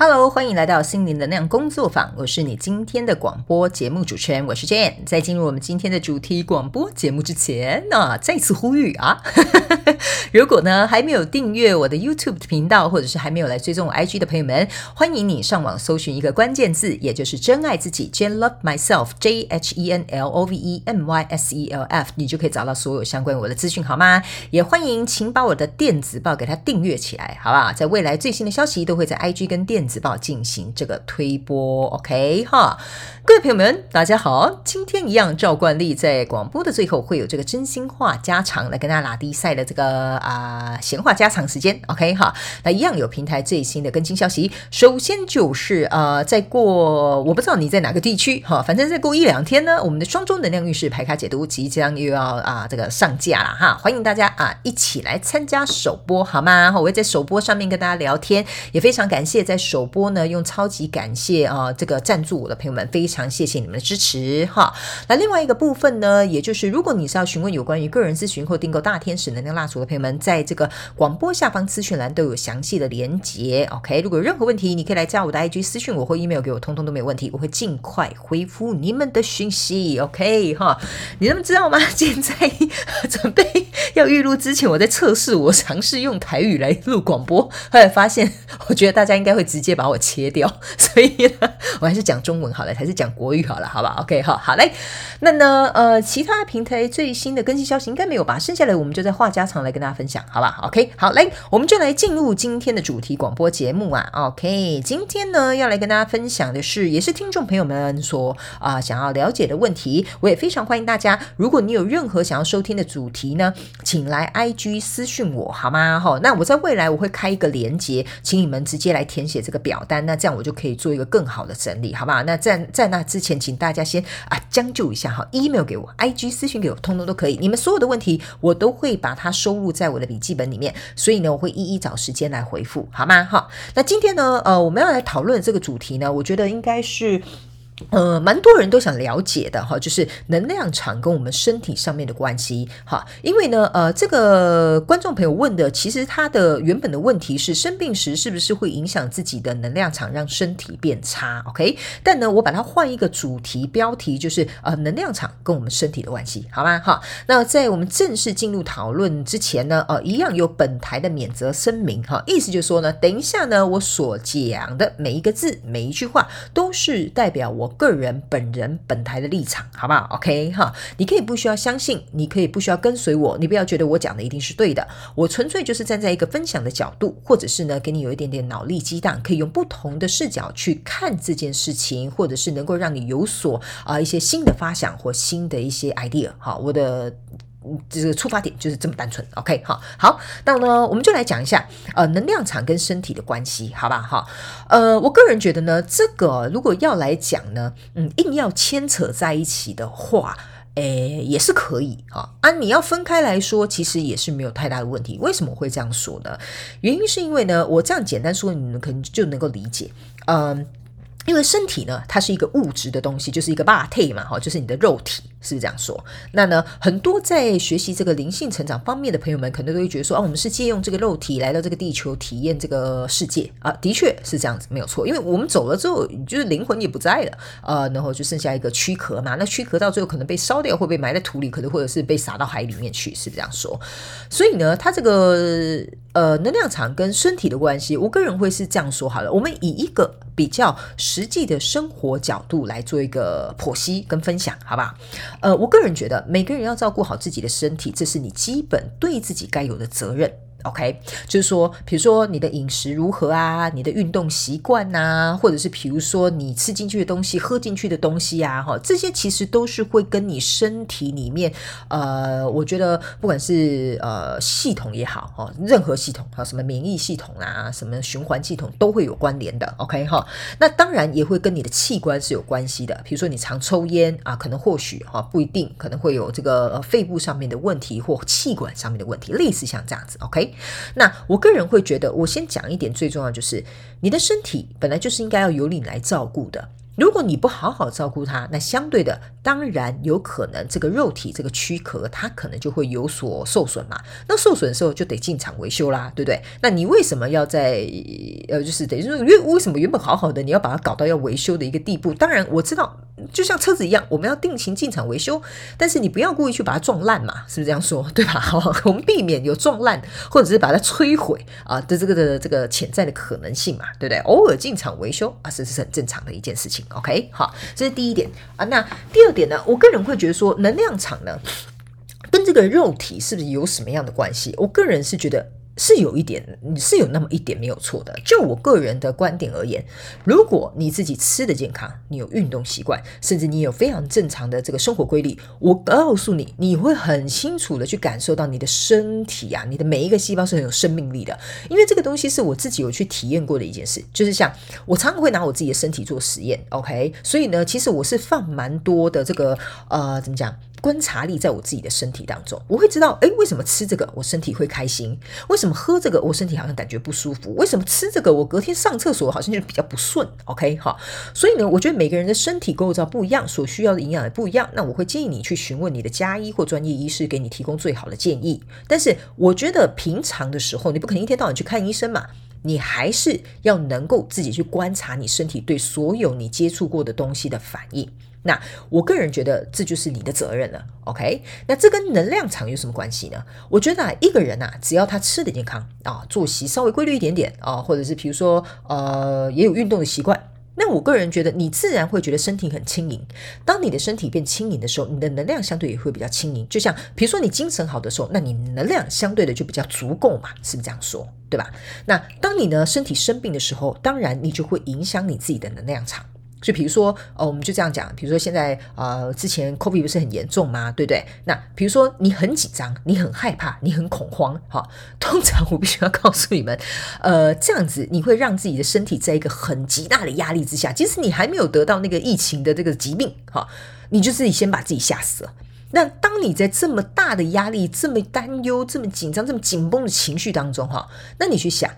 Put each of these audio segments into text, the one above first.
Hello，歡迎來到心靈能量工作坊，我是你今天的廣播節目主持人，我是 Jhen。在進入我們今天的主題廣播節目之前，那、啊、再次呼籲啊， 如果呢還沒有訂閱我的 YouTube 頻道，或者是還沒有來追蹤我 IG 的朋友們，歡迎你上網搜尋一個關鍵字，也就是真愛自己，Jhen Love Myself，J H E N L O V E M Y S E L F，你就可以找到所有相關我的資訊好嗎？也歡迎請把我的電子報給他訂閱起來，好不好？在未來最新的消息都會在 IG 跟電。自報進行這個推播，OK 哈。各位朋友們，大家好！今天一樣照慣例，趙冠在廣播的最後會有這個真心話家常來跟大家拉低賽的這個啊、呃、閒話家常時間，OK 哈？那一樣有平台最新的更新消息。首先就是呃再過我不知道你在哪個地區哈，反正再過一兩天呢，我們的雙周能量運勢排卡解讀即將又要啊、呃、這個上架了哈，歡迎大家啊一起來參加首播好嗎？我會在首播上面跟大家聊天，也非常感謝在首播呢用超級感謝啊、呃、這個贊助我的朋友們非常，非常謝謝你們的支持哈。那另外一個部分呢，也就是如果你是要詢問有關於個人諮詢或訂購大天使能量蠟燭的朋友們，在這個廣播下方資訊欄都有詳細的連接。OK，如果有任何問題，你可以來加我的 IG 私訊我或 email 給我，通通都沒有問題，我會盡快回覆你們的訊息。OK 哈，你們知道嗎？現在準備要預錄之前我，我在測試，我嘗試用台語來錄廣播，後來發現，我覺得大家應該會直接把我切掉，所以呢我還是講中文好了，還是講。國語好了，好吧，OK 好好嘞，那呢，呃，其他平台最新的更新消息應該沒有吧？剩下來我們就在話家常來跟大家分享，好吧，OK，好嘞，我們就來進入今天的主題廣播節目啊，OK，今天呢要來跟大家分享的是，也是聽眾朋友們說啊、呃、想要了解的問題，我也非常歡迎大家，如果你有任何想要收聽的主題呢，請來 IG 私訊我好嗎？哈、哦，那我在未來我會開一個鏈接，請你們直接來填寫這個表單，那這樣我就可以做一個更好的整理，好不好？那在在那之前，請大家先啊將就一下哈，Email 給我，IG 私信給我，通通都可以。你們所有的問題，我都會把它收錄在我的筆記本裡面，所以呢，我會一一找時間來回復，好嗎？哈，那今天呢，呃，我們要來討論這個主題呢，我覺得應該是。呃，蠻多人都想了解的哈，就是能量場跟我們身體上面的關係哈。因為呢，呃，這個觀眾朋友問的，其實他的原本的問題是生病時是不是會影響自己的能量場，讓身體變差？OK？但呢，我把它換一個主題標題，就是呃，能量場跟我們身體的關係，好吧？哈。那在我們正式進入討論之前呢，呃，一樣有本台的免責聲明哈，意思就是說呢，等一下呢，我所講的每一個字、每一句話，都是代表我。個人本人本台的立場，好不好？OK 哈，你可以不需要相信，你可以不需要跟隨我，你不要覺得我講的一定是對的。我純粹就是站在一個分享的角度，或者是呢，給你有一點點腦力激盪，可以用不同的視角去看這件事情，或者是能夠讓你有所啊、呃、一些新的發想或新的一些 idea。好，我的。這個出發點就是這麼單純，OK，好，好，那呢，我們就來講一下，呃，能量場跟身體的關係，好吧，哈，呃，我個人覺得呢，這個如果要來講呢，嗯，硬要牽扯在一起的話，誒，也是可以啊，啊，你要分開來說，其實也是沒有太大的問題。為什麼會這樣說呢？原因是因為呢，我這樣簡單說，你們可能就能夠理解，嗯、呃，因為身體呢，它是一個物質的東西，就是一個 body 嘛，哈，就是你的肉體。是不是這樣說？那呢，很多在學習這個靈性成長方面的朋友們，可能都會覺得說，啊，我們是借用這個肉體來到這個地球體驗這個世界啊，的確是這樣子，沒有錯。因為我們走了之後，就是靈魂也不在了，呃，然後就剩下一個軀殼嘛。那軀殼到最後可能被燒掉，會被埋在土裡，可能或者是被撒到海裡面去，是這樣說。所以呢，它這個呃能量場跟身體的關係，我個人會是這樣說好了。我們以一個比較實際的生活角度來做一個剖析跟分享，好不好？呃，我個人覺得，每個人要照顧好自己的身體，這是你基本對自己該有的責任。OK，就是說，比如說你的飲食如何啊，你的運動習慣呐，或者是比如說你吃進去的東西、喝進去的東西啊，哈，這些其實都是會跟你身體裡面，呃，我覺得不管是呃系統也好，哈，任何系統，哈，什麼免疫系統啊，什麼循環系統都會有關聯的。OK，哈，那當然也會跟你的器官是有關係的。比如說你常抽煙啊，可能或許哈不一定，可能會有這個呃肺部上面的問題或氣管上面的問題，類似像這樣子。OK。那我個人會覺得，我先講一點最重要，就是你的身體本來就是應該要由你來照顧的。如果你不好好照顧它，那相對的，當然有可能這個肉體這個軀殼它可能就會有所受損嘛。那受損的時候就得進廠維修啦，對不對？那你為什麼要在呃，就是等於說，因為為什麼原本好好的你要把它搞到要維修的一個地步？當然我知道，就像車子一樣，我們要定期進廠維修，但是你不要故意去把它撞爛嘛，是不是這樣說？對吧？好， 我們避免有撞爛或者是把它摧毀啊的、呃、這個的、這個、這個潛在的可能性嘛，對不對？偶爾進廠維修啊，是是很正常的一件事情。OK，好，這是第一點啊。那第二點呢？我個人會覺得說，能量場呢，跟這個肉體是不是有什麼樣的關係？我個人是覺得。是有一點，你是有那麼一點沒有錯的。就我個人的觀點而言，如果你自己吃的健康，你有運動習慣，甚至你有非常正常的這個生活規律，我告訴你，你會很清楚的去感受到你的身體啊，你的每一個細胞是很有生命力的。因為這個東西是我自己有去體驗過的一件事，就是像我常常會拿我自己的身體做實驗，OK？所以呢，其實我是放蠻多的這個呃，怎麼講？觀察力在我自己的身體當中，我會知道，誒，為什麼吃這個我身體會開心？為什麼喝這個我身體好像感覺不舒服？為什麼吃這個我隔天上廁所好像就比較不順？OK，好，所以呢，我覺得每個人的身體構造不一樣，所需要的營養也不一樣。那我會建議你去詢問你的家醫或專業醫師，給你提供最好的建議。但是我覺得平常的時候，你不可能一天到晚去看醫生嘛，你還是要能夠自己去觀察你身體對所有你接觸過的東西的反應。那我個人覺得這就是你的責任了，OK？那這跟能量場有什麼關係呢？我覺得、啊、一個人吶、啊，只要他吃得健康啊，作息稍微規律一點點啊，或者是比如說呃也有運動的習慣，那我個人覺得你自然會覺得身體很輕盈。當你的身體變輕盈的時候，你的能量相對也會比較輕盈。就像比如說你精神好的時候，那你能量相對的就比較足夠嘛，是不是這樣說？對吧？那當你呢身體生病的時候，當然你就會影響你自己的能量場。就比如說，呃、哦，我們就這樣講，比如說現在，呃，之前 COVID 不是很嚴重嗎？對不對，對？那比如說你很緊張，你很害怕，你很恐慌，哈、哦。通常我必須要告訴你們，呃，這樣子你會讓自己的身體在一個很極大的壓力之下，即使你還沒有得到那個疫情的這個疾病，哈、哦，你就自己先把自己嚇死了。那當你在這麼大的壓力、這麼擔憂、這麼緊張、這麼緊繃的情緒當中，哈、哦，那你去想。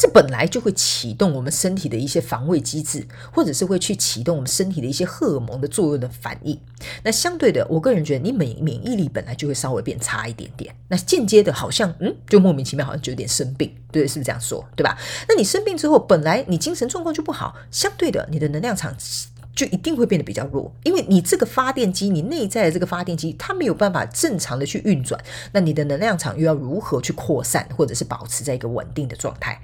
這本來就會啟動我們身體的一些防衛機制，或者是會去啟動我們身體的一些荷爾蒙的作用的反應。那相對的，我個人覺得你免免疫力本來就會稍微變差一點點。那間接的，好像嗯，就莫名其妙，好像就有點生病，對，是不是這樣說，對吧？那你生病之後，本來你精神狀況就不好，相對的，你的能量場。就一定會變得比較弱，因為你這個發電機，你內在的這個發電機，它沒有辦法正常的去運轉，那你的能量場又要如何去擴散，或者是保持在一個穩定的狀態？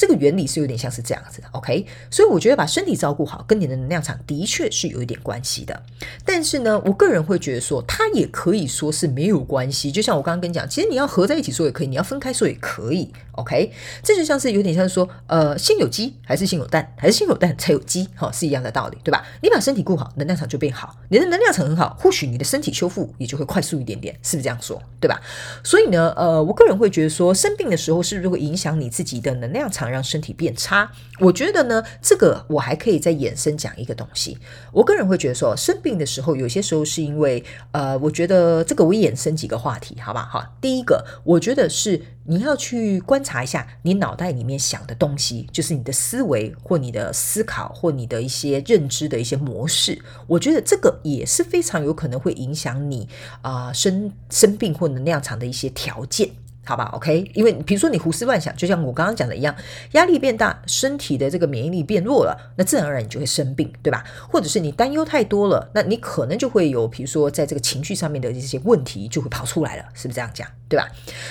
這個原理是有點像是這樣子的，OK？所以我覺得把身體照顧好跟你的能量場的確是有一點關係的。但是呢，我個人會覺得說，它也可以說是沒有關係。就像我剛剛跟你講，其實你要合在一起說也可以，你要分開說也可以，OK？這就像是有點像是說，呃，先有雞還是先有蛋，還是先有蛋才有雞，哈、哦，是一樣的道理，對吧？你把身體顧好，能量場就變好；你的能量場很好，或許你的身體修復也就會快速一點點，是不是這樣說，對吧？所以呢，呃，我個人會覺得說，生病的時候是不是會影響你自己的能量場？讓身體變差，我覺得呢，這個我還可以再延伸講一個東西。我個人會覺得說，生病的時候，有些時候是因為，呃，我覺得這個我延伸幾個話題，好吧，好。第一個，我覺得是你要去觀察一下你腦袋裡面想的東西，就是你的思維或你的思考或你的一些認知的一些模式。我覺得這個也是非常有可能會影響你啊，呃，生生病或能量場的一些條件。好吧，OK，因為比如說你胡思亂想，就像我剛剛講的一樣，壓力變大，身體的這個免疫力變弱了，那自然而然你就會生病，對吧？或者是你擔憂太多了，那你可能就會有，比如說在這個情緒上面的一些問題就會跑出來了，是不是這樣講？對吧？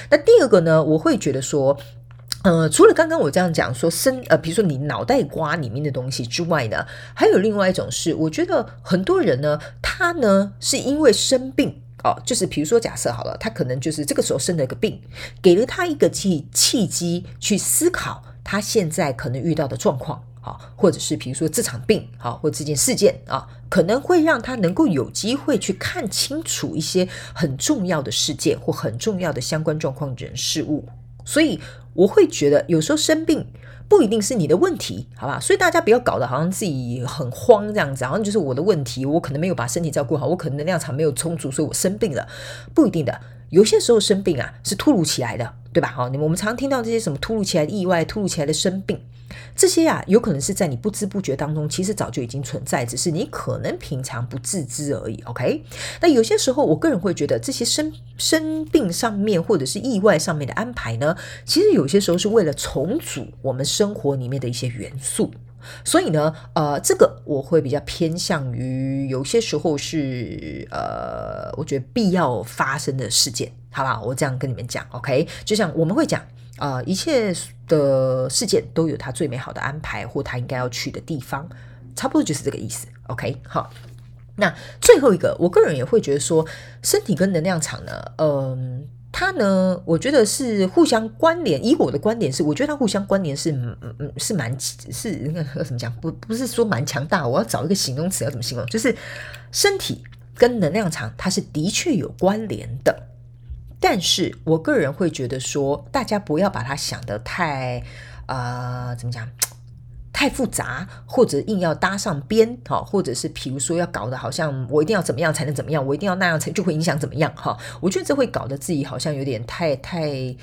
那第二個呢，我會覺得說，呃，除了剛剛我這樣講，說生，呃，比如說你腦袋瓜裡面的東西之外呢，還有另外一種是，我覺得很多人呢，他呢，是因為生病。哦，就是比如說，假設好了，他可能就是這個時候生了一個病，給了他一個契契機去思考他現在可能遇到的狀況，啊、哦，或者是比如說這場病，哦、或這件事件，啊、哦，可能會讓他能夠有機會去看清楚一些很重要的事件或很重要的相關狀況的人事物，所以我會覺得有時候生病。不一定是你的問題，好吧？所以大家不要搞得好像自己很慌這樣子，好像就是我的問題，我可能沒有把身體照顧好，我可能能量場沒有充足，所以我生病了，不一定的。有些時候生病啊是突如其來的，對吧？好，我們常聽到這些什麼突如其來的意外、突如其來的生病，這些啊有可能是在你不知不覺當中，其實早就已經存在，只是你可能平常不自知而已。OK，那有些時候我個人會覺得，這些生生病上面或者是意外上面的安排呢，其實有些時候是為了重組我們生活裡面的一些元素。所以呢，呃，這個我會比較偏向於有些時候是呃，我覺得必要發生的事件，好不好？我這樣跟你們講，OK？就像我們會講，呃，一切的事件都有它最美好的安排，或它應該要去的地方，差不多就是這個意思，OK？好，那最後一個，我個人也會覺得說，身體跟能量場呢，嗯、呃。他呢，我覺得是互相關聯。以我的觀點是，我覺得他互相關聯是，嗯、是蠻是那個、嗯、怎麼講？不不是說蠻強大。我要找一個形容詞，要怎麼形容？就是身體跟能量場，它是的確有關聯的。但是我個人會覺得說，大家不要把它想得太啊、呃，怎麼講？太複雜，或者硬要搭上邊，哈，或者是比如說要搞得好像我一定要怎麼樣才能怎麼樣，我一定要那樣才就會影響怎麼樣，哈，我覺得這會搞得自己好像有點太，太。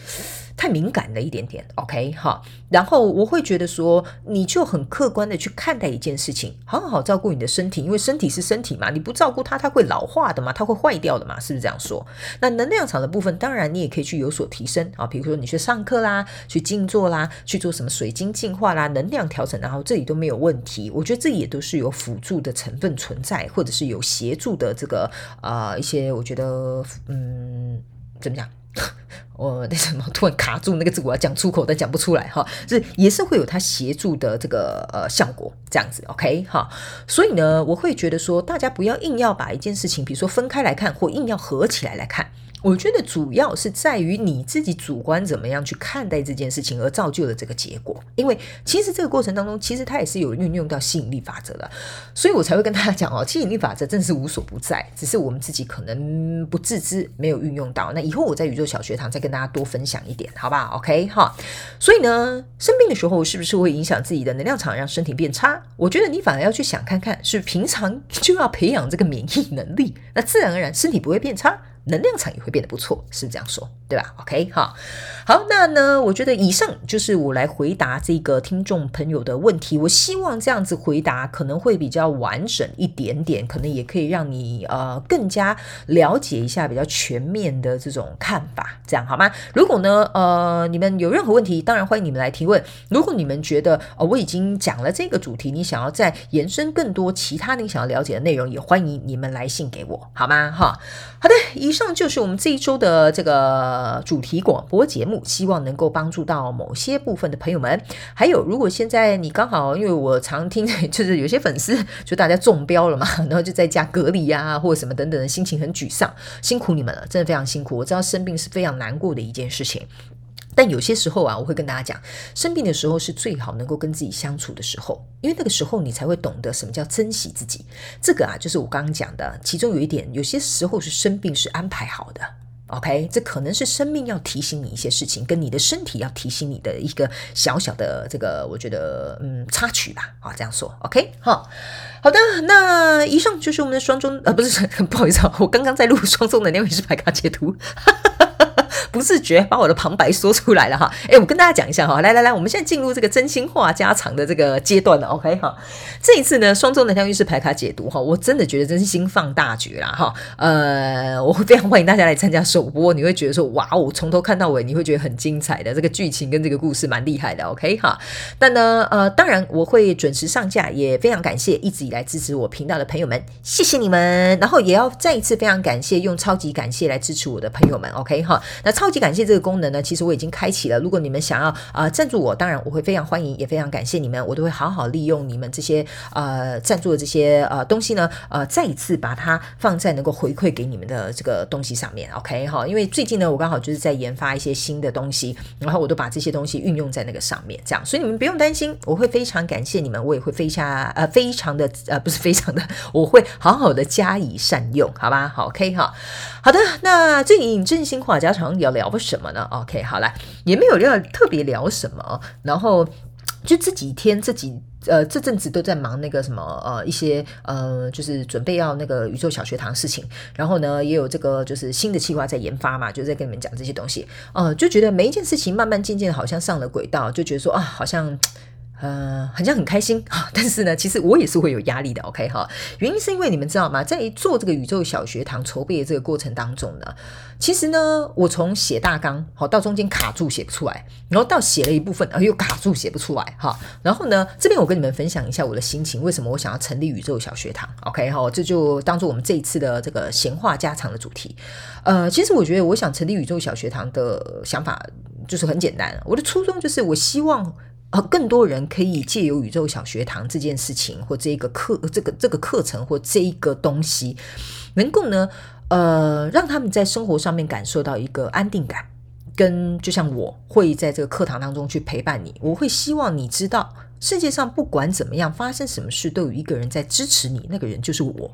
太敏感了一點點，OK 哈，然後我會覺得說，你就很客觀的去看待一件事情，好，好好照顧你的身體，因為身體是身體嘛，你不照顧它，它會老化的嘛，它會壞掉的嘛，是不是這樣說？那能量場的部分，當然你也可以去有所提升啊，比如說你去上課啦，去靜坐啦，去做什麼水晶淨化啦，能量調整，然後這裡都沒有問題，我覺得這也都是有輔助的成分存在，或者是有協助的這個啊、呃、一些，我覺得嗯，怎麼講？ 我那什麼突然卡住那個字？我要講出口，但講不出來哈。是也是會有它協助的這個呃效果，這樣子 OK 哈。所以呢，我會覺得說，大家不要硬要把一件事情，比如說分開來看，或硬要合起來來看。我覺得主要是在於你自己主觀怎麼樣去看待這件事情，而造就了這個結果。因為其實這個過程當中，其實它也是有運用到吸引力法則的，所以我才會跟大家講哦，吸引力法則真是無所不在，只是我們自己可能不自知，沒有運用到。那以後我在宇宙小學堂再跟大家多分享一點，好吧？OK 哈。所以呢，生病的時候是不是會影響自己的能量場，讓身體變差？我覺得你反而要去想看看，是平常就要培養這個免疫能力，那自然而然身體不會變差。能量場也會變得不錯，是這樣說。對吧？OK，好，好，那呢？我覺得以上就是我來回答這個聽眾朋友的問題。我希望這樣子回答可能會比較完整一點點，可能也可以讓你呃更加了解一下比較全面的這種看法，這樣好嗎？如果呢呃你們有任何問題，當然歡迎你們來提問。如果你們覺得呃我已經講了這個主題，你想要再延伸更多其他你想要了解的內容，也歡迎你們來信給我，好嗎？哈，好的，以上就是我們這一周的這個。呃，主題廣播節目，希望能夠幫助到某些部分的朋友們。還有，如果現在你剛好，因為我常聽，就是有些粉絲就大家中標了嘛，然後就在家隔離啊，或者什麼等等，心情很沮喪，辛苦你們了，真的非常辛苦。我知道生病是非常難過的一件事情，但有些時候啊，我會跟大家講，生病的時候是最好能夠跟自己相處的時候，因為那個時候你才會懂得什麼叫珍惜自己。這個啊，就是我剛剛講的，其中有一點，有些時候是生病是安排好的。OK，這可能是生命要提醒你一些事情，跟你的身體要提醒你的一個小小的這個，我覺得嗯插曲吧，啊這樣說，OK，好好的，那以上就是我們的雙鐘，呃、啊，不是，不好意思啊，我剛剛在錄雙鐘的那位是牌卡解讀。 不自覺把我的旁白說出來了哈，誒，我跟大家講一下哈，來來來，我們現在進入這個真心話家常的這個階段了，OK 哈，這一次呢，雙周能量運勢排卡解讀哈，我真的覺得真心放大絕了哈，呃，我非常歡迎大家來參加首播，你會覺得說哇哦，從頭看到尾，你會覺得很精彩的這個劇情跟這個故事蠻厲害的，OK 哈，但呢，呃，當然我會準時上架，也非常感謝一直以來支持我頻道的朋友們，謝謝你們，然後也要再一次非常感謝用超級感謝來支持我的朋友們，OK 哈。那超級感謝這個功能呢，其實我已經開啟了。如果你們想要呃贊助我，當然我會非常歡迎，也非常感謝你們，我都會好好利用你們這些呃贊助的這些呃東西呢，呃再一次把它放在能夠回饋給你們的這個東西上面，OK 哈？因為最近呢，我剛好就是在研發一些新的東西，然後我都把這些東西運用在那個上面，這樣，所以你們不用擔心，我會非常感謝你們，我也會非常呃非常的呃不是非常的，我會好好的加以善用，好吧？好，OK 哈。好的，那最近振興話家常要聊什麼呢？OK，好了，也沒有要特別聊什麼，然後就這幾天、這幾呃這陣子都在忙那個什麼呃一些呃就是準備要那個宇宙小學堂事情，然後呢也有這個就是新的計劃在研發嘛，就在跟你們講這些東西哦、呃，就覺得每一件事情慢慢漸漸好像上了軌道，就覺得說啊、呃、好像。呃，好像很開心，但是呢，其實我也是會有壓力的，OK 哈。原因是因為你們知道嗎？在做這個宇宙小學堂籌備的這個過程當中呢，其實呢，我從寫大綱好到中間卡住寫不出來，然後到寫了一部分，然後又卡住寫不出來哈。然後呢，這邊我跟你們分享一下我的心情，為什麼我想要成立宇宙小學堂，OK 哈？這就當做我們這一次的這個閒話家常的主題。呃，其實我覺得我想成立宇宙小學堂的想法就是很簡單，我的初衷就是我希望。呃，更多人可以借由宇宙小學堂這件事情或這個課、這個這個課程或這一個東西，能夠呢，呃，讓他們在生活上面感受到一個安定感，跟就像我會在這個課堂當中去陪伴你，我會希望你知道，世界上不管怎麼樣發生什麼事，都有一個人在支持你，那個人就是我。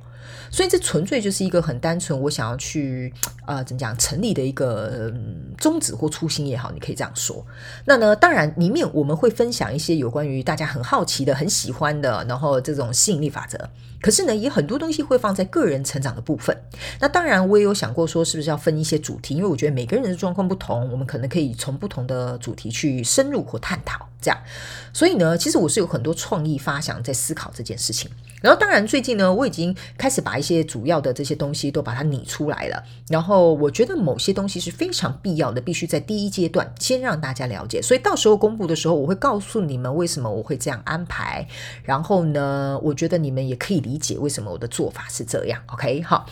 所以這純粹就是一個很單純，我想要去呃，怎麼講成立的一個宗旨或初心也好，你可以這樣說。那呢，當然裡面我們會分享一些有關於大家很好奇的、很喜歡的，然後這種吸引力法則。可是呢，也很多東西會放在個人成長的部分。那當然，我也有想過說，是不是要分一些主題，因為我覺得每個人的狀況不同，我們可能可以從不同的主題去深入或探討。這樣，所以呢，其實我是有很多創意發想在思考這件事情。然後，當然，最近呢，我已經開始把一些主要的這些東西都把它擬出來了。然後，我覺得某些東西是非常必要的，必須在第一階段先讓大家了解。所以，到時候公布的時候，我會告訴你們為什麼我會這樣安排。然後呢，我覺得你們也可以理解為什麼我的做法是這樣。OK，好。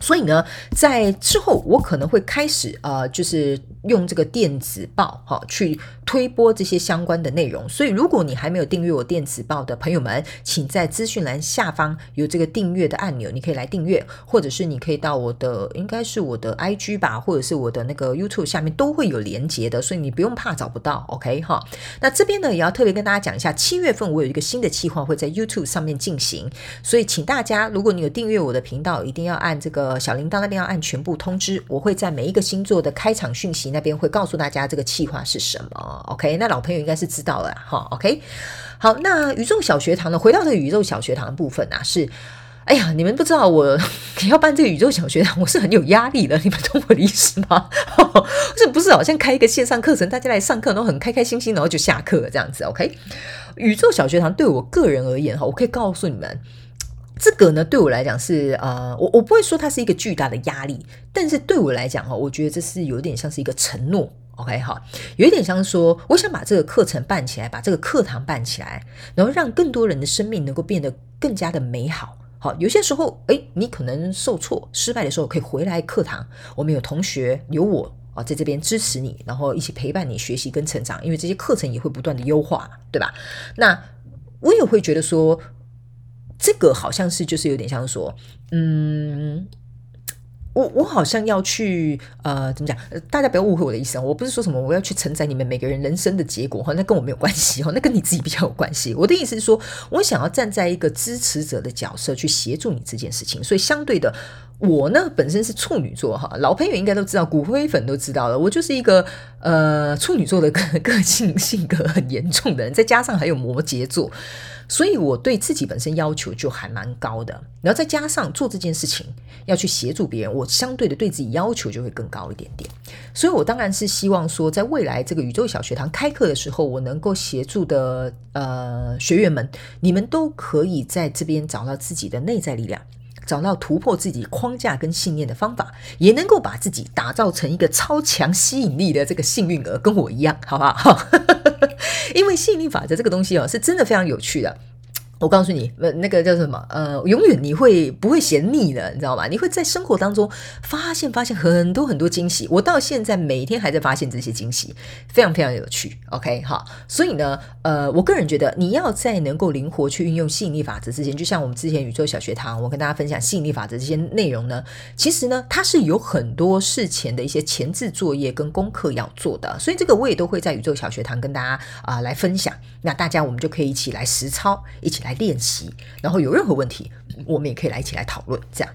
所以呢，在之後我可能會開始呃，就是用這個電子報哈去推播這些相關的內容。所以，如果你還沒有訂閱我電子報的朋友們，請在資訊欄下方有這個訂閱的按鈕，你可以來訂閱，或者是你可以到我的，應該是我的 IG 吧，或者是我的那個 YouTube 下面都會有連接的，所以你不用怕找不到，OK 哈。那這邊呢，也要特別跟大家講一下，七月份我有一個新的計劃會在 YouTube 上面進行，所以請大家，如果你有訂閱我的頻道，一定要按這個。呃，小鈴鐺那邊要按全部通知，我會在每一個星座的開場訊息那邊會告訴大家這個計劃是什麼。OK，那老朋友應該是知道了哈、哦。OK，好，那宇宙小學堂呢？回到這個宇宙小學堂的部分啊，是，哎呀，你們不知道我要辦這個宇宙小學堂，我是很有壓力的。你們懂我的意思嗎？這、哦、不是好像開一個線上課程，大家來上課，都很開開心心，然後就下課這樣子。OK，宇宙小學堂對我個人而言哈，我可以告訴你們。這個呢，對我來講是呃，我我不會說它是一個巨大的壓力，但是對我來講哈、哦，我覺得這是有點像是一個承諾，OK 好，有點像是說我想把這個課程辦起來，把這個課堂辦起來，然後讓更多人的生命能夠變得更加的美好。好，有些時候哎，你可能受挫失敗的時候，可以回來課堂，我們有同學有我啊，在這邊支持你，然後一起陪伴你學習跟成長，因為這些課程也會不斷的優化，對吧？那我也會覺得說。這個好像是就是有點像說，嗯，我我好像要去呃，怎麼講？大家不要誤會我的意思啊，我不是說什麼我要去承載你們每個人人生的結果哈，那跟我沒有關係哦，那跟你自己比較有關係。我的意思是說，我想要站在一個支持者的角色去協助你這件事情。所以相對的，我呢本身是處女座哈，老朋友應該都知道，骨灰粉都知道了，我就是一個呃處女座的個個性性格很嚴重的人，再加上還有摩羯座。所以我對自己本身要求就還蠻高的，然後再加上做這件事情要去協助別人，我相對的對自己要求就會更高一點點。所以我當然是希望說，在未來這個宇宙小學堂開課的時候，我能夠協助的呃學員們，你們都可以在這邊找到自己的內在力量，找到突破自己框架跟信念的方法，也能夠把自己打造成一個超強吸引力的這個幸運兒，跟我一樣，好不好？ 因為吸引力法則這個東西哦，是真的非常有趣的。我告訴你，那那個叫什麼？呃，永遠你會不會嫌膩的，你知道嗎？你會在生活當中發現發現很多很多驚喜。我到現在每一天還在發現這些驚喜，非常非常有趣。OK，好，所以呢，呃，我個人覺得你要在能夠靈活去運用吸引力法則之前，就像我們之前宇宙小學堂，我跟大家分享吸引力法則這些內容呢，其實呢，它是有很多事前的一些前置作業跟功課要做的，所以這個我也都會在宇宙小學堂跟大家啊，呃，來分享。那大家我們就可以一起來實操，一起來練習，然後有任何問題，我們也可以來一起來討論。這樣，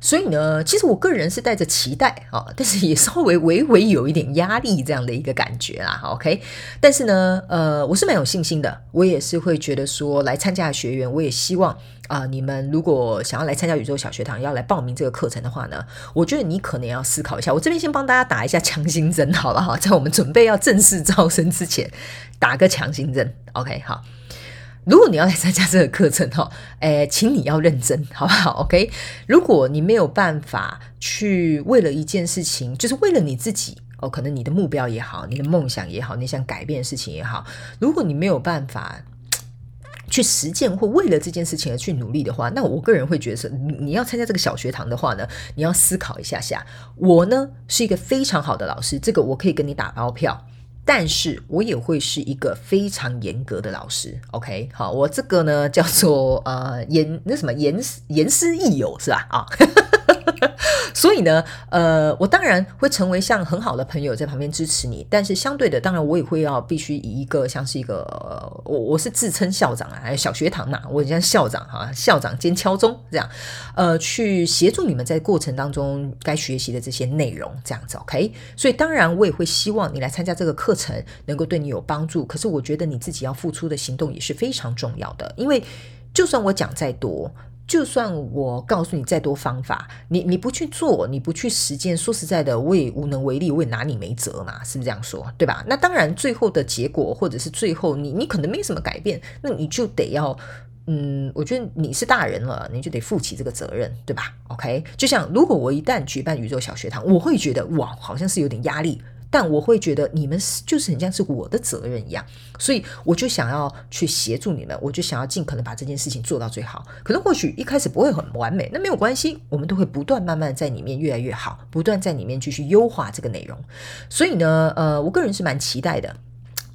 所以呢，其實我個人是帶着期待啊、哦，但是也稍微微微有一點壓力這樣的一個感覺啦。OK，但是呢，呃，我是蠻有信心的，我也是會覺得說，來參加的學員，我也希望。啊、呃，你們如果想要來參加宇宙小學堂，要來報名這個課程的話呢，我覺得你可能要思考一下。我這邊先幫大家打一下強心針，好不好？在我們準備要正式招生之前，打個強心針，OK，好。如果你要來參加這個課程哈，誒，請你要認真，好不好？OK，如果你沒有辦法去為了一件事情，就是為了你自己哦，可能你的目標也好，你的夢想也好，你想改變事情也好，如果你沒有辦法。去實踐或為了這件事情而去努力的話，那我個人會覺得你，你要參加這個小學堂的話呢，你要思考一下下。我呢是一個非常好的老師，這個我可以跟你打包票，但是我也會是一個非常嚴格的老師。OK，好，我這個呢叫做呃嚴，那什麼嚴嚴師益友是吧啊。哦 所以呢，呃，我當然會成為像很好的朋友在旁邊支持你，但是相對的，當然我也會要必須以一個像是一個，呃、我我是自稱校長啊，還有小學堂吶、啊，我就像校長哈、啊，校長兼敲鐘這樣，呃，去協助你們在過程當中該學習的這些內容這樣子，OK。所以當然我也會希望你來參加這個課程能夠對你有幫助，可是我覺得你自己要付出的行動也是非常重要的，因為就算我講再多。就算我告訴你再多方法，你你不去做，你不去實踐，說實在的，我也無能為力，我也拿你沒轍嘛，是不是這樣說？對吧？那當然，最後的結果或者是最後你，你你可能沒什麼改變，那你就得要，嗯，我覺得你是大人了，你就得負起這個責任，對吧？OK，就像如果我一旦舉辦宇宙小學堂，我會覺得哇，好像是有點壓力。但我會覺得你們是就是很像是我的責任一樣，所以我就想要去協助你們，我就想要盡可能把這件事情做到最好。可能或許一開始不會很完美，那沒有關係，我們都會不斷慢慢在裡面越來越好，不斷在裡面繼續優化這個內容。所以呢，呃，我個人是蠻期待的。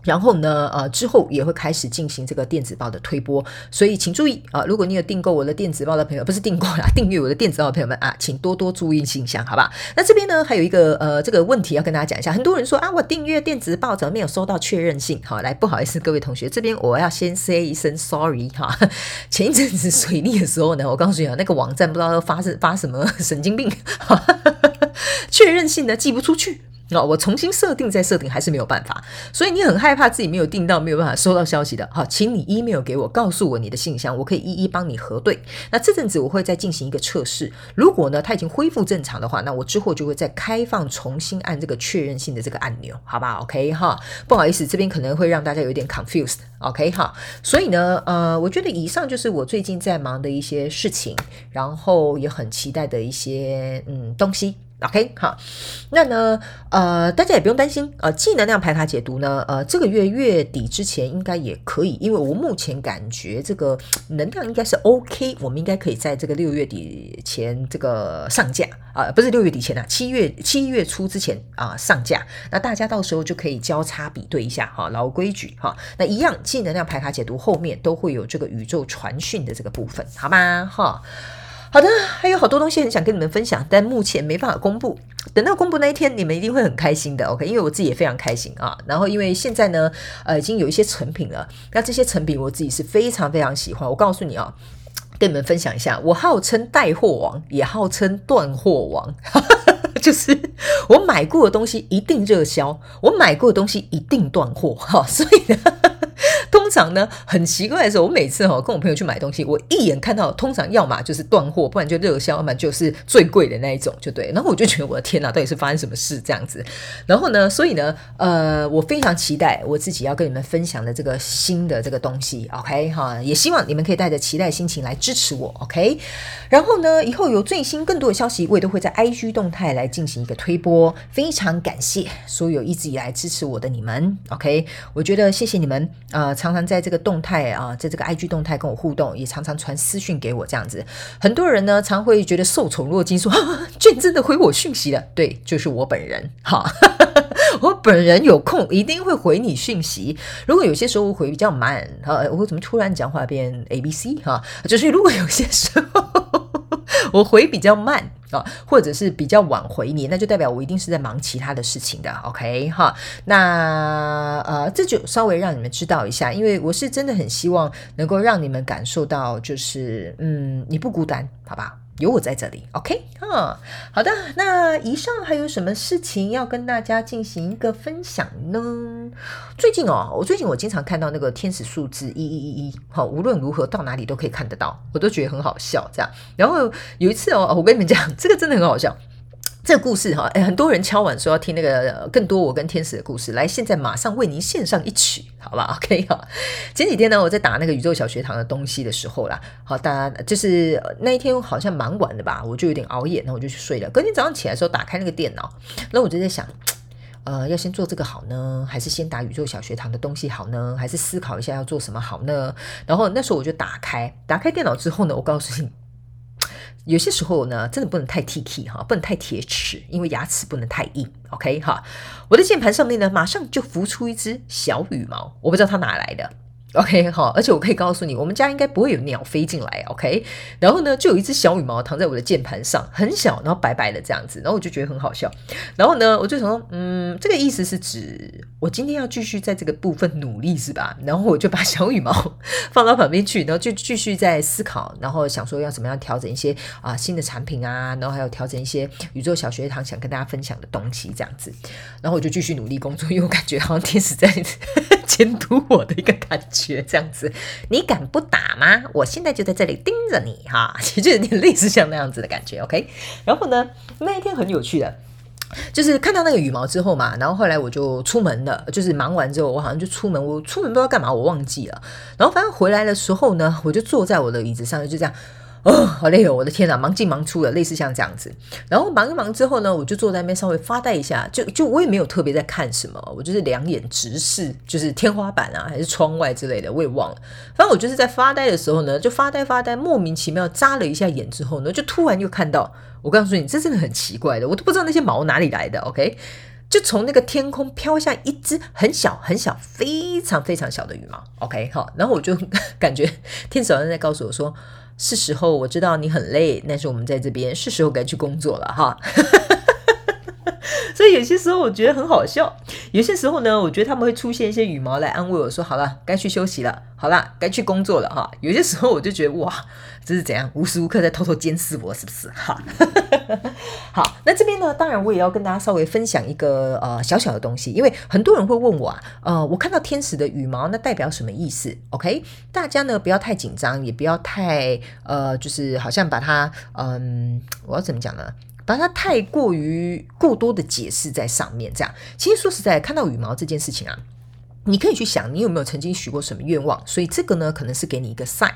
然後呢，呃，之後也會開始進行這個電子報的推播，所以請注意啊、呃！如果你有訂購我的電子報的朋友，不是訂購啊，訂閱我的電子報的朋友們啊，請多多注意信箱，好吧？那這邊呢，還有一個呃這個問題要跟大家講一下。很多人說啊，我訂閱電子報怎麼沒有收到確認信？好、哦，來，不好意思，各位同學，這邊我要先 say 一聲 sorry 哈、啊。前一陣子水逆的時候呢，我告訴你啊，那個網站不知道發生發什麼神經病，哈、啊，確認信呢寄不出去。那、哦、我重新設定，再設定還是沒有辦法，所以你很害怕自己沒有訂到，沒有辦法收到消息的，哈，請你 email 給我，告訴我你的信箱，我可以一一幫你核對。那這陣子我會再進行一個測試，如果呢它已經恢復正常的話，那我之後就會再開放重新按這個確認性的這個按鈕，好吧？OK 哈，不好意思，這邊可能會讓大家有點 confused，OK、okay, 哈。所以呢，呃，我覺得以上就是我最近在忙的一些事情，然後也很期待的一些嗯東西。OK，好，那呢，呃，大家也不用擔心，呃，技能量排卡解讀呢，呃，這個月月底之前應該也可以，因為我目前感覺這個能量應該是 OK，我們應該可以在這個六月底前這個上架啊，呃，不是六月底前啊，七月七月初之前啊，呃、上架，那大家到時候就可以交叉比對一下哈，老、哦、規矩哈、哦，那一樣技能量排卡解讀後面都會有這個宇宙傳訊的這個部分，好嗎？哈、哦。好的，還有好多東西很想跟你們分享，但目前沒辦法公布。等到公布那一天，你們一定會很開心的，OK？因為我自己也非常開心啊。然後，因為現在呢，呃，已經有一些成品了。那這些成品我自己是非常非常喜歡。我告訴你啊，跟你們分享一下，我號稱帶貨王，也號稱斷貨王，哈哈哈，就是我買過的東西一定熱銷，我買過的東西一定斷貨哈，哦。所以呢。 通常呢，很奇怪的是，我每次哈跟我朋友去買東西，我一眼看到，通常要麼就是斷貨，不然就熱銷，要嘛就是最貴的那一種，就對。然後我就覺得我的天哪，到底是發生什麼事這樣子？然後呢，所以呢，呃，我非常期待我自己要跟你們分享的這個新的這個東西，OK 哈，也希望你們可以帶着期待心情來支持我，OK。然後呢，以後有最新更多的消息，我也都會在 IG 動態來進行一個推播。非常感謝所有一直以來支持我的你們，OK。我覺得謝謝你們啊。呃常常在這個動態啊，在這個 IG 動態跟我互動，也常常傳私訊給我這樣子。很多人呢，常會覺得受寵若驚，說：“蓁真的回我訊息了。”對，就是我本人。哈，呵呵我本人有空一定會回你訊息。如果有些時候回比較慢，哈，我會怎麼突然講話變 A B C？哈，就是如果有些時候呵呵我回比較慢。哦，或者是比較晚回你，那就代表我一定是在忙其他的事情的，OK 哈？那呃，這就稍微讓你們知道一下，因為我是真的很希望能夠讓你們感受到，就是嗯，你不孤單，好吧？有我在這裡，OK，哈、哦，好的，那以上還有什麼事情要跟大家進行一個分享呢？最近哦，我最近我經常看到那個天使數字一一一一，好，無論如何到哪裡都可以看得到，我都覺得很好笑這樣。然後有一次哦，我跟你們講，這個真的很好笑。這個故事哈、哎，很多人敲碗說要聽那個、呃、更多我跟天使的故事。來，現在馬上為您獻上一曲，好不好？OK 哈、哦。前幾天呢，我在打那個宇宙小學堂的東西的時候啦，好，大家就是那一天好像蠻晚的吧，我就有點熬夜，那我就去睡了。隔天早上起來的時候，打開那個電腦，那我就在想，呃，要先做這個好呢，還是先打宇宙小學堂的東西好呢？還是思考一下要做什麼好呢？然後那時候我就打開，打開電腦之後呢，我告訴你。有些時候呢，真的不能太 ticky 哈，不能太鐵齒，因為牙齒不能太硬。OK 哈，我的鍵盤上面呢，馬上就浮出一只小羽毛，我不知道它哪來的。OK 好，而且我可以告訴你，我們家應該不會有鳥飛進來。OK，然後呢，就有一隻小羽毛躺在我的鍵盤上，很小，然後白白的這樣子，然後我就覺得很好笑。然後呢，我就想說，嗯，這個意思是指我今天要繼續在這個部分努力是吧？然後我就把小羽毛放到旁邊去，然後就繼續在思考，然後想說要怎麼樣調整一些啊新的產品啊，然後還有調整一些宇宙小學堂想跟大家分享的東西這樣子。然後我就繼續努力工作，因為我感覺好像天使在呵呵監督我的一個感覺。覺這樣子，你敢不打嗎？我現在就在這裡盯着你哈，其實就有點類似像那樣子的感覺，OK。然後呢，那一天很有趣的，就是看到那個羽毛之後嘛，然後後來我就出門了，就是忙完之後，我好像就出門，我出門不知道幹嘛，我忘記了。然後反正回來的時候呢，我就坐在我的椅子上，就這樣。哦，好累哦！我的天吶，忙進忙出的，類似像這樣子。然後忙一忙之後呢，我就坐在那邊稍微發呆一下，就就我也沒有特別在看什麼，我就是兩眼直視，就是天花板啊，還是窗外之類的，我也忘了。反正我就是在發呆的時候呢，就發呆發呆，莫名其妙眨了一下眼之後呢，就突然又看到。我告訴你，這真的很奇怪的，我都不知道那些毛哪裡來的。OK，就從那個天空飄下一隻很小很小、非常非常小的羽毛。OK，好，然後我就感覺天使好像在告訴我說。是時候，我知道你很累，但是我們在這邊是時候該去工作了哈， 所以有些時候我覺得很好笑，有些時候呢，我覺得他們會出現一些羽毛來安慰我說，好了，該去休息了，好了，該去工作了哈，有些時候我就覺得哇。這是怎樣？無時無刻在偷偷監視我，是不是？好， 好，那這邊呢？當然，我也要跟大家稍微分享一個呃小小的東西，因為很多人會問我啊，呃，我看到天使的羽毛，那代表什麼意思？OK，大家呢不要太緊張，也不要太呃，就是好像把它嗯，我要怎麼講呢？把它太過於過多的解釋在上面，這樣其實說實在，看到羽毛這件事情啊。你可以去想，你有沒有曾經許過什麼願望？所以這個呢，可能是給你一個 sign。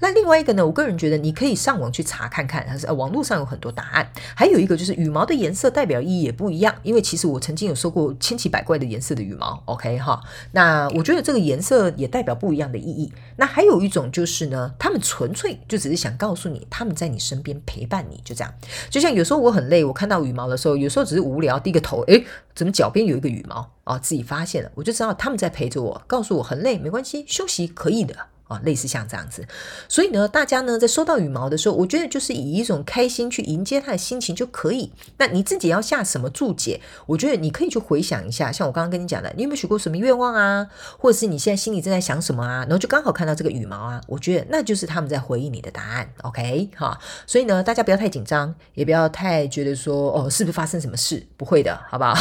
那另外一個呢，我個人覺得你可以上網去查看看，它是呃網絡上有很多答案。還有一個就是羽毛的顏色代表意義也不一樣，因為其實我曾經有說過千奇百怪的顏色的羽毛。OK 哈，那我覺得這個顏色也代表不一樣的意義。那還有一種就是呢，他們純粹就只是想告訴你，他們在你身邊陪伴你，就這樣。就像有時候我很累，我看到羽毛的時候，有時候只是無聊低個頭，誒，怎麼腳邊有一個羽毛？哦，自己發現了，我就知道他們在陪着我，告訴我很累，沒關係，休息可以的。類似像這樣子，所以呢，大家呢在收到羽毛的時候，我覺得就是以一種開心去迎接他的心情就可以。那你自己要下什麼注解？我覺得你可以去回想一下，像我剛剛跟你講的，你有沒有許過什麼願望啊？或者是你現在心裡正在想什麼啊？然後就剛好看到這個羽毛啊，我覺得那就是他們在回應你的答案。OK 哈，所以呢，大家不要太緊張，也不要太覺得說哦，是不是發生什麼事？不會的，好不好？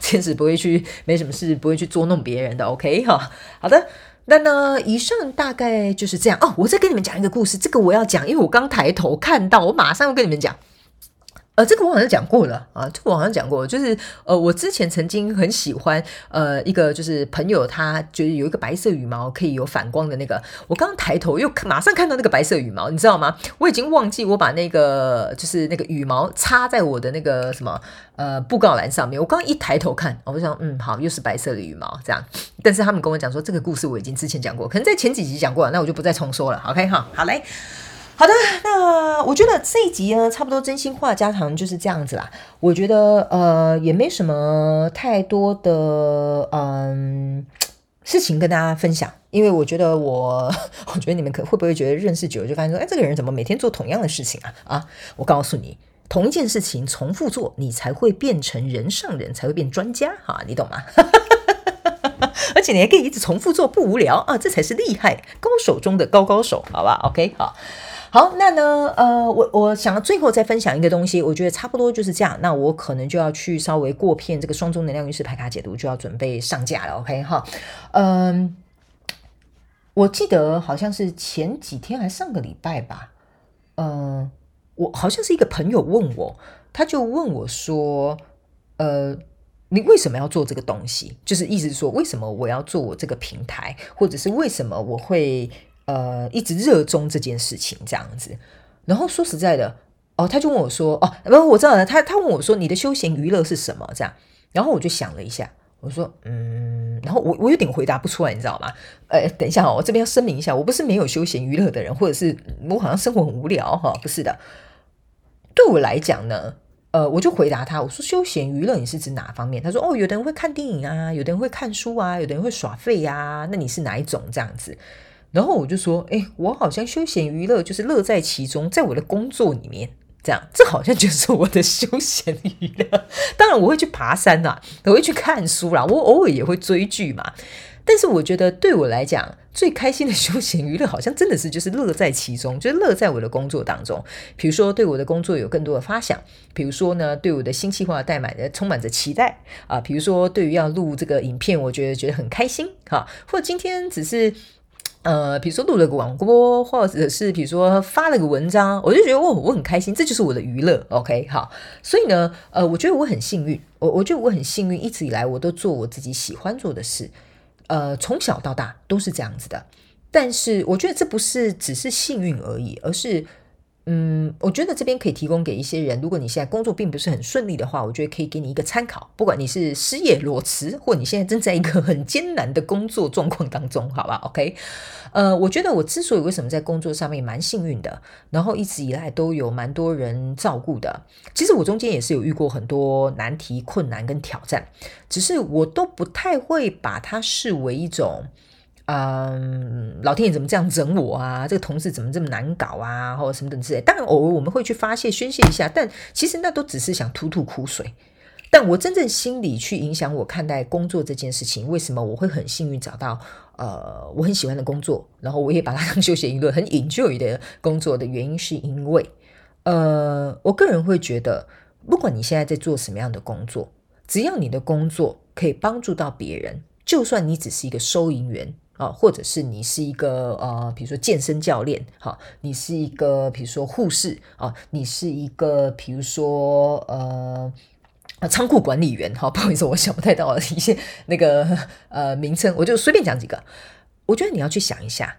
天 使不會去，沒什麼事，不會去捉弄別人的。OK 哈，好的。那呢，以上大概就是這樣哦。我再跟你們講一個故事，這個我要講，因為我剛抬頭看到，我馬上要跟你們講。呃，這個我好像講過了啊，這個我好像講過了，就是呃，我之前曾經很喜歡呃，一個就是朋友，他就是有一個白色羽毛可以有反光的那個，我剛剛抬頭又馬上看到那個白色羽毛，你知道嗎？我已經忘記我把那個就是那個羽毛插在我的那個什麼呃布告欄上面，我剛剛一抬頭看，我就想嗯好，又是白色的羽毛這樣，但是他們跟我講說這個故事我已經之前講過，可能在前幾集講過了，那我就不再重說了，OK 哈，好嘞。好的，那我覺得這一集呢，差不多真心話家常就是這樣子啦。我覺得呃，也沒什麼太多的嗯、呃、事情跟大家分享，因為我覺得我，我覺得你們可會不會覺得認識久了就發現說，哎，這個人怎麼每天做同樣的事情啊？啊，我告訴你，同一件事情重複做，你才會變成人上人，才會變專家哈、啊，你懂嗎？ 而且你還可以一直重複做，不無聊啊，這才是厲害高手中的高高手，好吧？OK，好。好，那呢？呃，我我想要最後再分享一個東西，我覺得差不多就是這樣。那我可能就要去稍微過片這個雙週能量運勢牌卡解讀，就要準備上架了。OK 哈，嗯、呃，我記得好像是前幾天還上個禮拜吧，嗯、呃，我好像是一個朋友問我，他就問我說，呃，你為什麼要做這個東西？就是意思是說，為什麼我要做我這個平台，或者是為什麼我會？呃，一直熱衷這件事情這樣子，然後說實在的，哦，他就問我說，哦，不，我知道了，他他問我說，你的休閒娛樂是什麼？這樣，然後我就想了一下，我說，嗯，然後我我有點回答不出來，你知道嗎？呃，等一下哦，我這邊要聲明一下，我不是沒有休閒娛樂的人，或者是我好像生活很無聊哈，哦，不是的，對我來講呢，呃，我就回答他，我說休閒娛樂你是指哪方面？他說，哦，有的人會看電影啊，有的人會看書啊，有的人會耍廢啊。那你是哪一種這樣子？然後我就說，誒，我好像休閒娛樂就是樂在其中，在我的工作裡面，這樣，這好像就是我的休閒娛樂。當然，我會去爬山啦、啊，我會去看書啦，我偶爾也會追劇嘛。但是，我覺得對我來講，最開心的休閒娛樂，好像真的是就是樂在其中，就是樂在我的工作當中。比如說，對我的工作有更多的發想，比如說呢，對我的新計劃的代碼呢，充滿着期待啊。比如說，對於要錄這個影片，我覺得覺得很開心哈、啊。或今天只是。呃，比如說錄了個廣播，或者是比如說發了個文章，我就覺得哦，我很開心，這就是我的娛樂。OK，好，所以呢，呃，我覺得我很幸運，我我覺得我很幸運，一直以來我都做我自己喜歡做的事，呃，從小到大都是這樣子的。但是我覺得這不是只是幸運而已，而是。嗯，我覺得這邊可以提供給一些人，如果你現在工作並不是很順利的話，我覺得可以給你一個參考。不管你是失業、裸辭，或你現在正在一個很艱難的工作狀況當中，好吧，OK。呃，我覺得我之所以為什麼在工作上面蠻幸運的，然後一直以來都有蠻多人照顧的，其實我中間也是有遇過很多難題、困難跟挑戰，只是我都不太會把它視為一種。嗯，老天爺怎麼這樣整我啊？這個同事怎麼這麼難搞啊？或者什麼等之類。當然，偶爾我們會去發洩、宣泄一下，但其實那都只是想吐吐苦水。但我真正心裡去影響我看待工作這件事情，為什麼我會很幸運找到呃我很喜歡的工作，然後我也把它當休閒娛樂、很 enjoy 的工作的原因，是因為呃，我個人會覺得，不管你現在在做什麼樣的工作，只要你的工作可以幫助到別人，就算你只是一個收銀員。啊，或者是你是一個呃，比如說健身教練，哈，你是一個比如說護士啊，你是一個比如說呃，倉庫管理員，哈，不好意思，我想不太到了一些那個呃名稱，我就隨便講幾個。我覺得你要去想一下，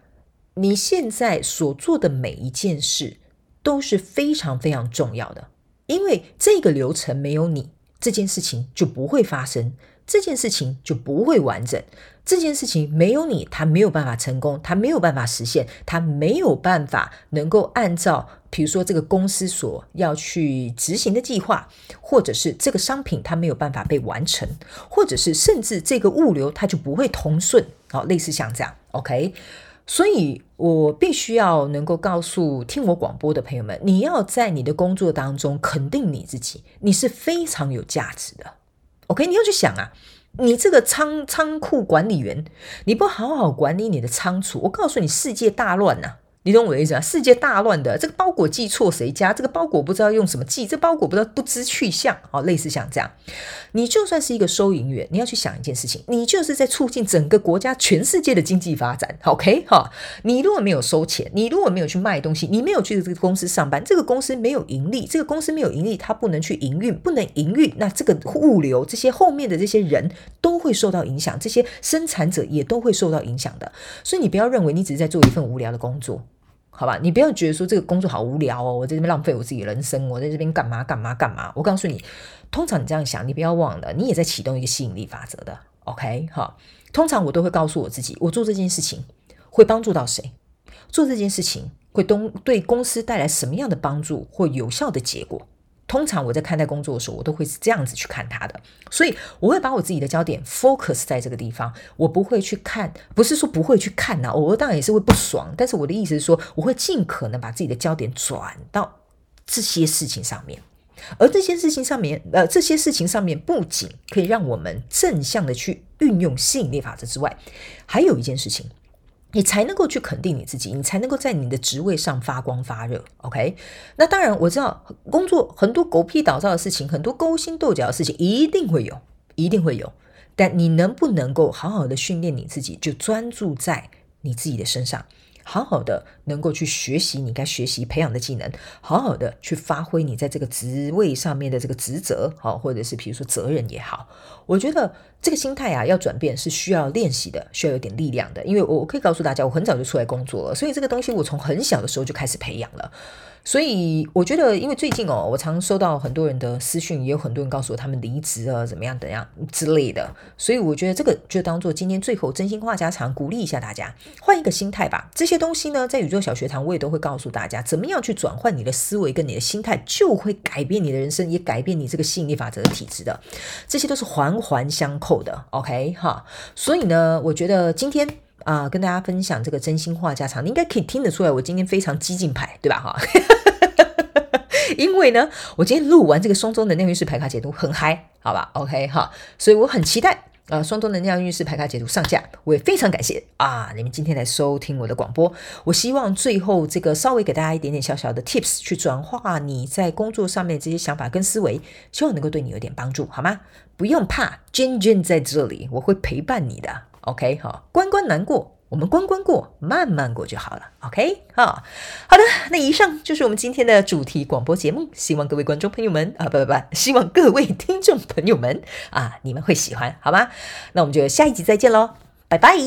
你現在所做的每一件事都是非常非常重要的，因為這個流程沒有你，這件事情就不會發生，這件事情就不會完整。這件事情沒有你，他沒有辦法成功，他沒有辦法實現，他沒有辦法能夠按照，比如說這個公司所要去執行的計劃，或者是這個商品，他沒有辦法被完成，或者是甚至這個物流他就不會通順，好、哦，類似像這樣，OK。所以我必須要能夠告訴聽我廣播的朋友們，你要在你的工作當中肯定你自己，你是非常有價值的，OK。你要去想啊。你這個倉倉庫管理員，你不好好管理你的倉儲，我告訴你，世界大亂吶、啊！你懂我的意思啊？世界大亂的，這個包裹寄錯誰家？這個包裹不知道用什麼寄，這個、包裹不知道，不知去向好、哦，類似像這樣，你就算是一個收銀員，你要去想一件事情，你就是在促進整個國家、全世界的經濟發展。OK 哈、哦？你如果沒有收錢，你如果沒有去賣東西，你沒有去這個公司上班，這個公司沒有盈利，這個公司沒有盈利，它不能去營運，不能營運，那這個物流這些後面的這些人都會受到影響，這些生產者也都會受到影響的。所以你不要認為你只是在做一份無聊的工作。好吧，你不要覺得說這個工作好無聊哦，我在這邊浪費我自己人生，我在這邊幹嘛幹嘛幹嘛？我告訴你，通常你這樣想，你不要忘了，你也在啟動一個吸引力法則的。OK，哈，通常我都會告訴我自己，我做這件事情會幫助到誰？做這件事情會東對公司帶來什麼樣的幫助或有效的結果？通常我在看待工作的時候，我都會是這樣子去看他的，所以我會把我自己的焦點 focus 在這個地方，我不會去看，不是說不會去看吶、啊，我當然也是會不爽，但是我的意思是說，我會盡可能把自己的焦點轉到這些事情上面，而這些事情上面，呃，這些事情上面不僅可以讓我們正向的去運用吸引力法則之外，還有一件事情。你才能夠去肯定你自己，你才能夠在你的職位上發光發熱。OK，那當然我知道工作很多狗屁倒灶的事情，很多勾心鬥角的事情，一定會有，一定會有。但你能不能夠好好的訓練你自己，就專注在你自己的身上。好好的，能夠去學習你該學習、培養的技能；好好的去發揮你在這個職位上面的這個職責，好，或者是比如說責任也好。我覺得這個心態啊，要轉變是需要練習的，需要有點力量的。因為我我可以告訴大家，我很早就出來工作了，所以這個東西我從很小的時候就開始培養了。所以我覺得，因為最近哦，我常收到很多人的私訊，也有很多人告訴我他們離職啊，怎麼樣、怎麼樣之類的。所以我覺得這個就當做今天最後真心話家常，鼓勵一下大家，換一個心態吧。這些東西呢，在宇宙小學堂我也都會告訴大家，怎麼樣去轉換你的思維跟你的心態，就會改變你的人生，也改變你這個吸引力法則的體質的。這些都是環環相扣的，OK 哈。所以呢，我覺得今天。啊、呃，跟大家分享這個真心話家常，你應該可以聽得出來，我今天非常激進派，對吧？哈， 因為呢，我今天錄完這個雙週能量運勢牌卡解讀很嗨，好吧？OK 哈，所以我很期待啊、呃，雙週能量運勢牌卡解讀上架，我也非常感謝啊、呃，你們今天來收聽我的廣播，我希望最後這個稍微給大家一點點小小的 tips，去轉化你在工作上面這些想法跟思維，希望能夠對你有點幫助，好嗎？不用怕，娟娟在這裡，我會陪伴你的。OK，好，關關難過，我們關關過，慢慢過就好了。OK，好，好的，那以上就是我們今天的主題廣播節目，希望各位觀眾朋友們啊，不不不，希望各位聽眾朋友們啊，你們會喜歡，好嗎？那我們就下一集再見嘍，拜拜。